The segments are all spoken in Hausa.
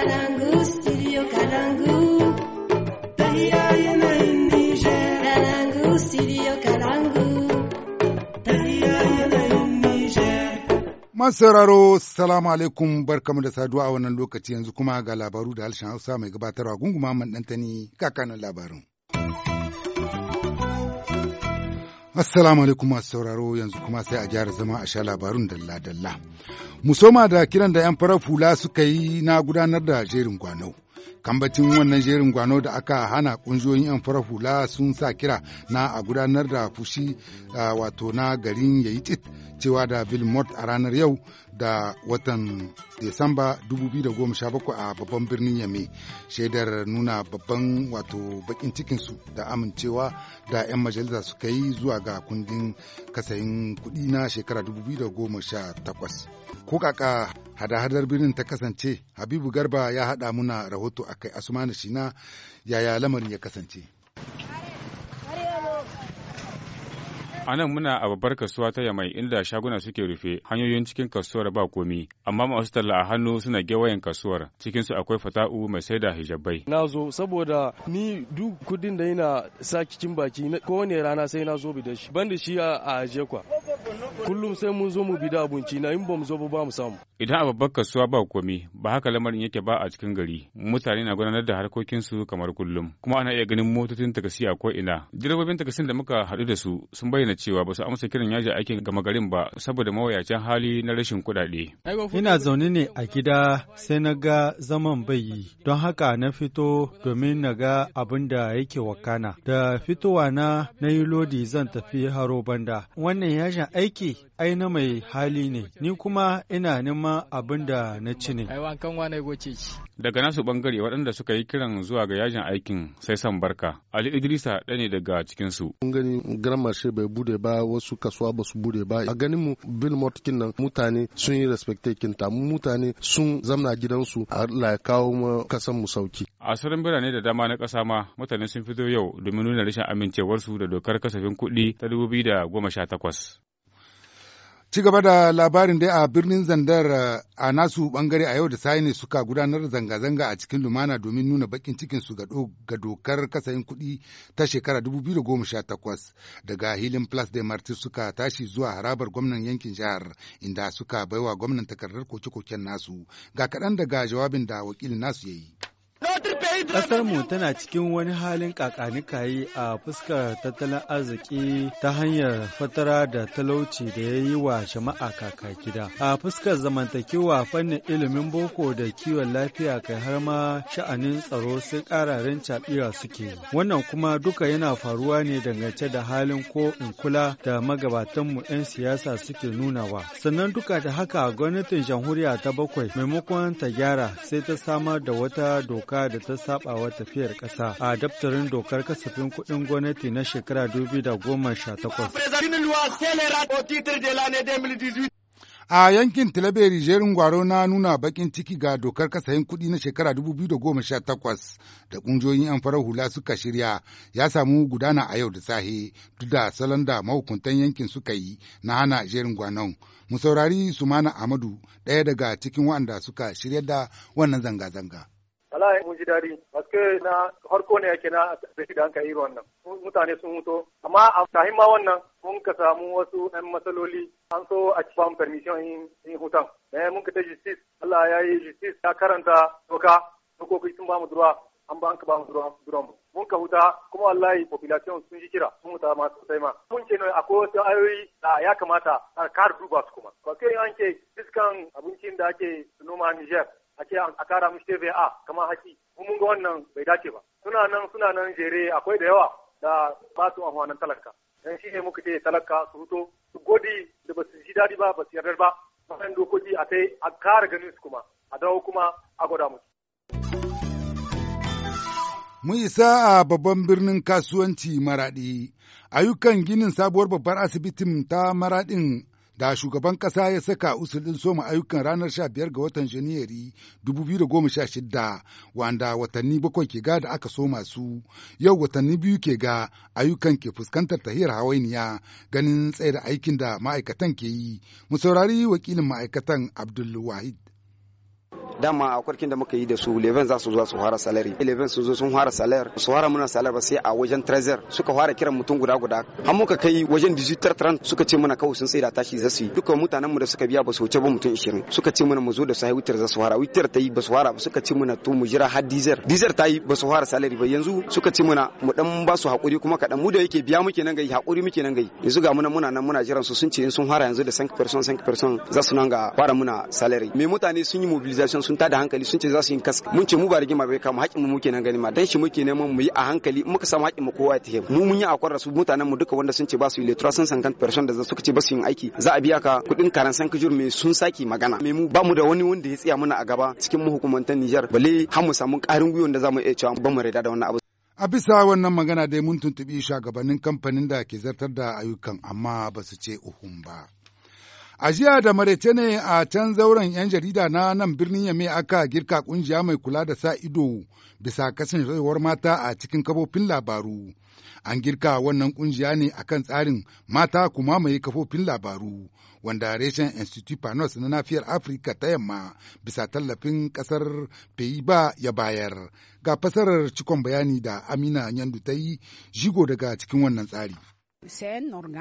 Kalangu, studio Masararo, salamu alaikum barkamu da saduwa a wannan lokaci yanzu kuma ga labaru da harshen Hausa mai gabatarwa gunguma man ɗantani kakanin labarin. Assalamu alaikum masu sauraro yanzu kuma sai a gyara zama a sha labarun dalla-dalla. Musoma da kiran da 'yan farar fula suka yi na gudanar da jerin gwanau. kambacin wannan jerin gwano da aka hana kungiyoyin yan farar hula sun sa kira na a gudanar da fushi wato na garin yayi tit cewa da vilmort a ranar yau da watan Desamba 2017 a babban birnin Yame shaidar nuna babban wato bakin cikinsu da amincewa da 'yan majalisa suka yi zuwa ga kundin kasayin kudi na shekara 2018. Ko kaka hada-hadar birnin ta kasance habibu garba ya hada muna rahoto a kai asumani shina yaya lamarin ya kasance a nan muna a babbar kasuwa ta yamai inda shaguna suke rufe hanyoyin cikin kasuwar ba komi amma masu talla a hannu suna gewayen kasuwar cikinsu akwai fata'u mai sai da hijabai na zo saboda ni duk kudin da yana sa cikin baki kowane rana sai na zo bi da shi ban da shi a ajiye kwa kullum sai mun zo mu bi da abinci na in ba zo ba mu samu idan a babbar kasuwa ba komi ba haka lamarin yake ba a cikin gari mutane na gudanar da harkokinsu kamar kullum kuma ana iya ganin motocin takasi a ko'ina direbobin takasin da muka haɗu da su sun bayyana cewa ba su amsa kiran yaji aikin gama garin ba saboda mawayacin hali na rashin kuɗaɗe ina zaune ne a gida sai na ga zaman bai yi don haka na fito domin na ga abin da yake wakana da fitowa na na yi lodi zan tafi haro banda wannan yashin aiki ai na mai hali ne, ni kuma ina neman abin da na ci ne. Daga nasu bangare waɗanda suka yi kiran zuwa ga yajin aikin sai san barka. Ali Idrisa ɗaya ne daga cikinsu. Mun gani bai bude ba wasu kasuwa ba su bude ba. A ganin mu bin motokin nan mutane sun yi respecte kinta mutane sun zamna gidansu Allah ya kawo mu kasan mu sauki. A sauran birane da dama na ƙasa ma mutane sun fito yau domin nuna rashin amincewarsu da dokar kasafin kuɗi ta 2018. Ci gaba da labarin dai a birnin Zandar eh, a nasu bangare a yau da sai ne suka gudanar zanga-zanga a cikin lumana domin nuna bakin cikin su ga dokar kasayin kuɗi ta shekara 2018 daga hilin Plus de Martis suka tashi zuwa harabar gwamnan yankin jihar inda suka baiwa gwamnan takardar koke-koken nasu ga kaɗan daga jawabin da wakilin nasu ya yi. mu tana cikin wani halin kakanikayi a fuskar tattalin arziki ta hanyar fatara da talauci da ya yi wa jama'a kaka gida. A fuskar zamantakewa fannin ilimin boko da kiwon lafiya kai har ma sha'anin tsaro sai ƙararen caɓira suke. Wannan kuma duka yana faruwa ne dangance da halin ko in kula da magabatanmu 'yan siyasa suke nunawa. Sannan duka da haka gwamnatin jamhuriya ta bakwai maimakon ta gyara sai ta samar da wata doka da ta saɓawa tafiyar ƙasa a daftarin dokar kasafin kuɗin gwamnati na shekara 2018. A yankin Talaberi jerin gwaro na nuna bakin ciki ga dokar kasayin kuɗi na shekara 2018 da ƙungiyoyin 'yan farar hula suka shirya ya samu gudana a yau da sahe duk da salon da mahukuntan yankin suka yi na hana jerin gwanon. Mu saurari Sumana Amadu ɗaya daga cikin waɗanda suka shirya da wannan zanga-zanga. wallahi mun ji parce que na farko ne yake na tafi da hankali irin wannan mutane sun mutu amma a kahin ma wannan mun ka samu wasu ɗan matsaloli an so a ci bamu permission in hutan eh mun ka ta justice Allah ya yi justice ya karanta doka dokoki sun bamu duruwa an ba an ka bamu duruwa mun ka huta kuma wallahi population sun ji kira mun huta ma sosai ma mun ce ne akwai wasu ayoyi da ya kamata a kar duba su kuma parce an ce iskan abincin da ake noma Niger a ce a kara mu shi a kamar haki mun ga wannan bai dace ba suna nan suna nan jere akwai da yawa da ba su amfanin talaka dan shi ne muka ce talaka su fito su godi da ba su ji daɗi ba ba su yarda ba bayan dokoki a kai a kara ganin su kuma a dawo kuma a gwada mu. mun isa a babban birnin kasuwanci maraɗi ayyukan ginin sabuwar babbar asibitin ta maraɗin da shugaban ƙasa ya saka usulin soma ayyukan ranar sha biyar ga watan Janairu 2016 wanda watanni bakwai ke ga da aka soma su yau watanni biyu ke ga ayyukan ke fuskantar tahiyar hawainiya ganin tsaye da aikin da ma'aikatan ke yi mu saurari wakilin ma'aikatan Abdul Wahid dama a kwarkin da muka yi da su leven za su zo su fara salari leven sun zo sun fara salar su fara muna salar ba sai a wajen trezor suka fara kiran mutum guda guda har muka kai wajen digital trend suka ce mana kawai sun sai da tashi za su yi dukkan mutanen mu da suka biya ba su wuce ba mutum 20 suka ce mana mu zo da su haihutar za su fara wutar ta yi ba su fara ba suka ce mana to mu jira har dizer dizer ta yi ba su fara salari ba yanzu suka ce mana mu dan ba su hakuri kuma kadan mu da yake biya muke nan gai hakuri muke nan gai yanzu ga muna muna nan muna jiran su sun ce in sun fara yanzu da 5% 5% za su nan ga fara muna salari me mutane sun yi mobilization sun tada hankali sun ce za su yi kaska mun ce mu ba rigima bai kama haƙƙin mu muke nan gani ma dan shi muke neman mu yi a hankali muka samu haƙƙin mu kowa ya mu mun yi akwar su mutanen mu duka wanda sun ce ba su yi le 350 person da suka ce ba su yi aiki za a biya ka kuɗin karan san kujur mai sun saki magana me mu ba mu da wani wanda ya tsaya mana a gaba cikin hukumantar Nijar bale har mu samu ƙarin gwiwon da za mu iya cewa ba mu rida da wannan abu A bisa wannan magana dai mun tuntubi shugabannin kamfanin da ke zartar da ayyukan amma ba su ce uhun ba. A jiya da maraice ne a can zauren 'yan jarida na nan birnin Yame aka girka kungiya mai kula da sa ido bisa rayuwar mata a cikin kafofin labaru. An girka wannan kungiya ne a kan tsarin mata kuma mai kafofin labaru wanda reshen Institut Panos na nafiyar Afirka ta yamma bisa tallafin kasar Peiba ya bayar. Ga fasarar cikon bayani da Amina Nyandu ta yi jigo daga cikin wannan tsari.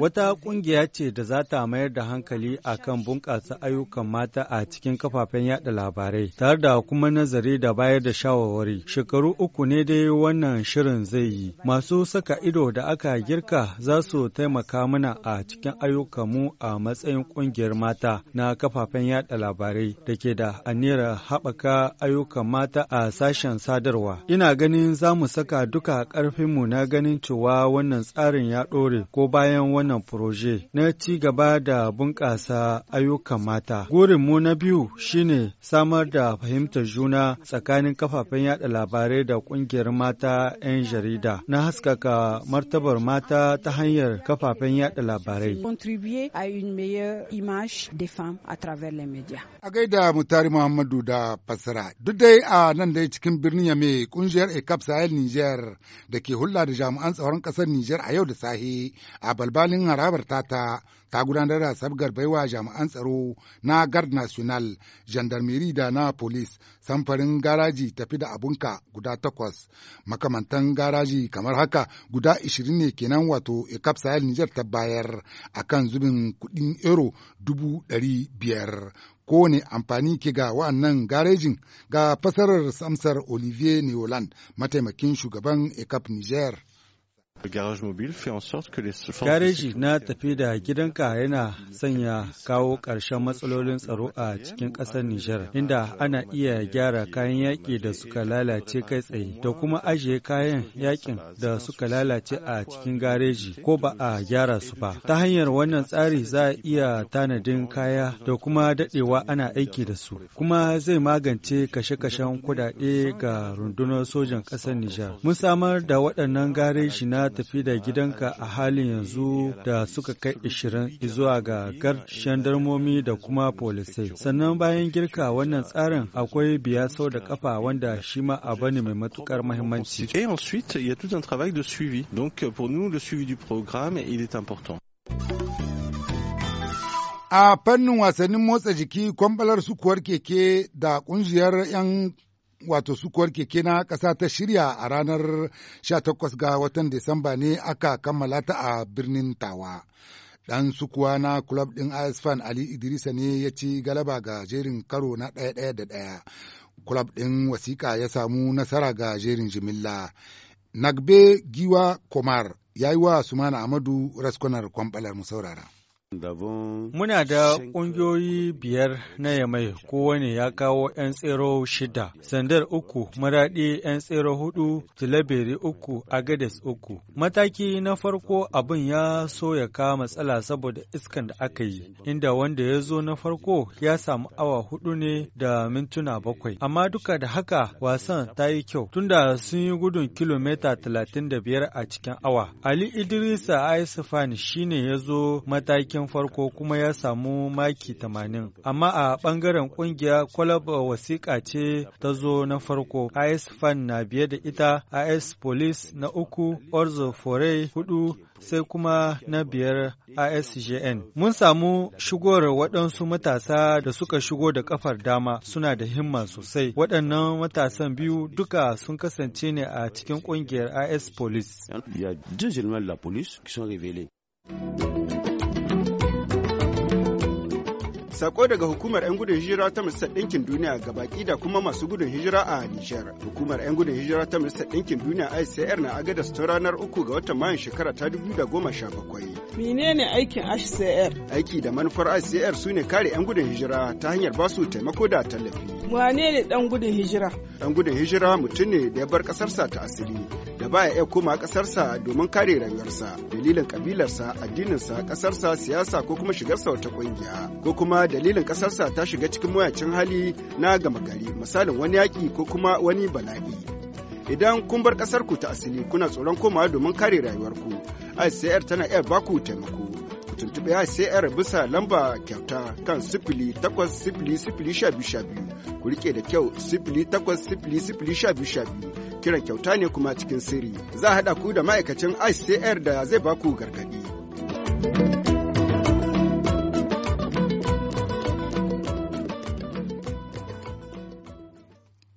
Wata ƙungiya ce da za ta mayar da hankali a kan bunƙasa ayyukan mata a cikin kafafen yada labarai, tare da kuma nazari da bayar da shawarwari. Shekaru uku ne dai wannan shirin zai yi. Masu saka ido da aka girka za su taimaka mana a cikin ayyukanmu a matsayin ƙungiyar mata na kafafen yada labarai da ke da aniyar haɓaka ayyukan mata a sashen sadarwa. Ina ganin za mu saka duka ƙarfinmu na ganin cewa wannan tsarin ya ɗore ko bayan wannan furoje na ci gaba da bunƙasa ayyukan mata. Gurinmu na biyu shine samar da fahimtar juna tsakanin kafafen yada labarai da ƙungiyar mata 'yan jarida na haskaka martabar mata ta hanyar kafafen yada labarai. A gaida Mutari Muhammadu da fassara. Duk dai a nan dai cikin birnin Yame kungiyar ECAP Sahel Niger da ke hulɗa da jami'an tsaron ƙasar Niger a yau da sahi. a balbalin harabar tata ta gudanar da sabgar baiwa jami'an tsaro na Guard National, Gendarmerie da na Police, samfarin garaji tafi da abunka guda takwas. Makamantan garaji kamar haka guda ishirin ne kenan wato Ekap Sahel Niger ta bayar a kan zubin kuɗin euro dubu ɗari biyar. Kowane amfani ke ga wa'annan garejin ga fasarar samsar Olivier Neoland, mataimakin shugaban Ekap Niger. Gareji na tafi da gidanka yana sanya kawo ƙarshen matsalolin tsaro a cikin ƙasar Nijar, inda ana iya gyara kayan yaƙi da suka lalace kai tsaye, da kuma ajiye kayan yaƙin da suka lalace a cikin gareji ko ba a gyara su ba. Ta hanyar wannan tsari za a iya tanadin kaya da kuma daɗewa ana aiki da su, kuma zai magance kashe-kashen kuɗaɗe ga rundunar sojan ƙasar Nijar. Mun samar da waɗannan gareji na tafi da gidanka a halin yanzu da suka kai 20 zuwa ga gar shandarmomi da kuma polisai. Sannan bayan girka wannan tsarin akwai biya sau da kafa wanda shi ma abu ne mai matukar mahimmanci. Et ensuite, il a A fannin wasannin motsa jiki, kwambalar sukuwar keke da kungiyar 'yan wato sukuwar keke na ƙasa ta shirya a ranar 18 ga watan Disamba ne aka kammala ta a birnin Tawa. Ɗan sukuwa na club ɗin AS Fan Ali Idrisa ne ya ci galaba ga jerin karo na ɗaya ɗaya da ɗaya. Club ɗin wasiƙa ya samu nasara ga jerin jimilla. Nagbe Giwa Komar ya yi wa Sumana Amadu Raskonar kwamɓalar mu saurara. Muna da ƙungiyoyi biyar na Yamai kowane ya kawo 'yan tsero shida, Sandar uku, Maraɗi 'yan tsero hudu, Tilaberi uku, Agades uku. Mataki na farko abin ya so ya kawo matsala saboda iskan da aka yi, inda wanda ya zo na farko ya samu awa hudu ne da mintuna bakwai. Amma duka da haka wasan ta yi kyau, tunda sun yi gudun kilomita talatin da biyar a cikin awa. Ali Idrisa Aisifani shine ya zo matakin matakin farko kuma ya samu maki 80. Amma a ɓangaren ƙungiya kwalaba wasiƙa ce ta zo na farko. IS Fan na biye da ita, IS Police na uku, Orzo Foray hudu, sai kuma na biyar ISGN. Mun samu shigowar waɗansu matasa da suka shigo da kafar dama suna da himma sosai. Waɗannan matasan biyu duka sun kasance ne a cikin ƙungiyar IS Police. Sako daga hukumar 'yan gudun hijira ta Majalisar Ɗinkin Duniya ga baki da kuma masu gudun hijira a Nijar. Hukumar 'yan gudun hijira ta Majalisar Ɗinkin Duniya ICR na agadas ta ranar uku ga watan Mayun shekara ta da goma sha 2017. Menene aikin ICR? Aiki da manufar ICR su ne kare 'yan gudun hijira ta hanyar basu taimako da tallafi. Wane ne ɗan gudun hijira? Ɗan gudun hijira mutum ne da ya bar ƙasarsa ta asiri da baya iya koma ƙasarsa domin kare rayuwarsa, dalilin ƙabilarsa addininsa ƙasarsa siyasa ko kuma shigarsa wata kungiya ko kuma dalilin ƙasarsa ta shiga cikin mayacin hali na gama gari misalin wani yaƙi ko kuma wani bala'i. Idan kun bar ƙasarku ta asali kuna tsoron komawa domin kare rayuwarku, ICR tana iya baku taimako. ku tuntuɓe ICR bisa lamba kyauta kan sifili takwas sifili sifili sha biyu sha biyu ku riƙe da kyau sifili takwas sifili sifili sha biyu sha biyu kiran kyauta ne kuma cikin sirri za a haɗa ku da ma'aikacin ICR da zai baku gargaɗi.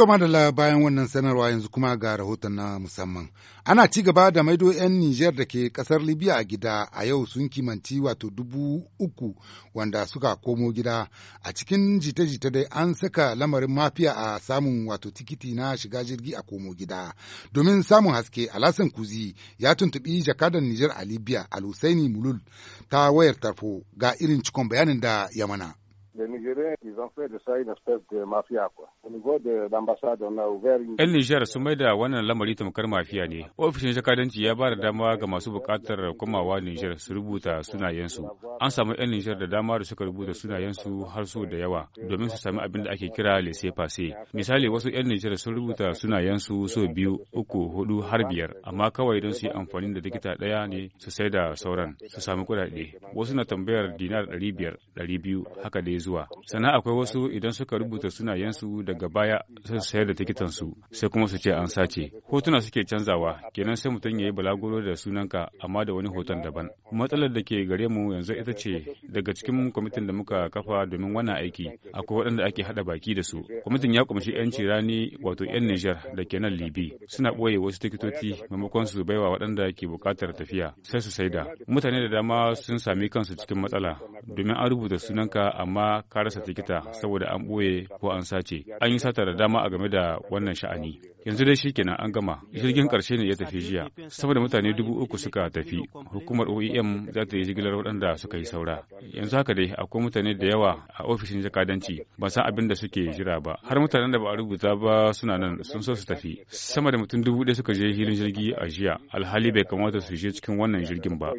To madalla bayan wannan sanarwa yanzu kuma ga rahoton na musamman. Ana ci gaba da maido 'yan Nijar da ke kasar Libya a gida a yau sun kimanci wato dubu uku wanda suka komo gida. A cikin jita-jita dai an saka lamarin mafiya a samun wato tikiti na shiga jirgi a komo gida. Domin samun haske Alasan Kuzi ya tuntuɓi jakadan Nijar a Libya Alhusaini Mulul ta wayar tarfo ga irin cikon bayanin da ya mana. Les Nigériens, ils ont fait de ça une espèce de mafia, quoi. Au niveau de l'ambassade, on a ouvert une... ‘Yan Nijar sun mai da wannan lamari tamkar mafiya ne. Ofishin jakadanci ya ba da dama ga masu buƙatar komawa Nijar su rubuta sunayensu. An samu ‘yan Nijar da dama da suka rubuta sunayensu har so da yawa domin su sami abin da ake kira lese fase. Misali wasu ‘yan Nijar sun rubuta sunayensu so biyu, uku, hudu har biyar, amma kawai don su yi amfani da likita ɗaya ne su sai da sauran su sami kuɗaɗe. Wasu na tambayar dinar ɗari biyar, ɗari biyu, haka dai zuwa sannan akwai wasu idan suka rubuta sunayensu daga baya sai su sayar da tikitansu sai kuma su ce an sace hotuna suke canzawa kenan sai mutum ya yi balagoro da sunanka amma da wani hoton daban matsalar da ke gare mu yanzu ita ce daga cikin kwamitin da muka kafa domin wannan aiki akwai waɗanda ake haɗa baki da su kwamitin ya kumshi 'yan rani wato 'yan nijar da ke libi suna ɓoye wasu tikitoci maimakon su baiwa waɗanda ke buƙatar tafiya sai su saida mutane da dama sun sami kansu cikin matsala domin an rubuta sunanka amma kuma ka tikita saboda an ɓoye ko an sace an yi sata da dama a game da wannan sha'ani yanzu dai shikenan an gama jirgin karshe ne ya tafi jiya sama da mutane dubu uku suka tafi hukumar oem za ta yi jigilar waɗanda suka yi saura yanzu haka dai akwai mutane da yawa a ofishin jakadanci ba san abin da suke jira ba har mutanen da ba a rubuta ba suna nan sun so su tafi sama da mutum dubu ɗaya suka je hilin jirgi a jiya alhali bai kamata su je cikin wannan jirgin ba.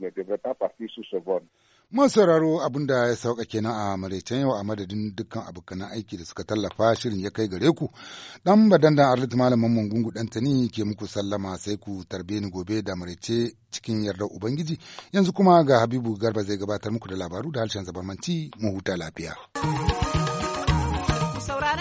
ne devrait Mun sauraro abin da ya sauka kenan a maraicen yau a madadin dukkan abokanan aiki da suka tallafa shirin ya kai gare ku. Dan da Arlit Malamin Mungungu tani ke muku sallama sai ku tarbe ni gobe da maraice cikin yarda Ubangiji. Yanzu kuma ga Habibu Garba zai gabatar muku da labaru da harshen zabarmanci mu huta lafiya.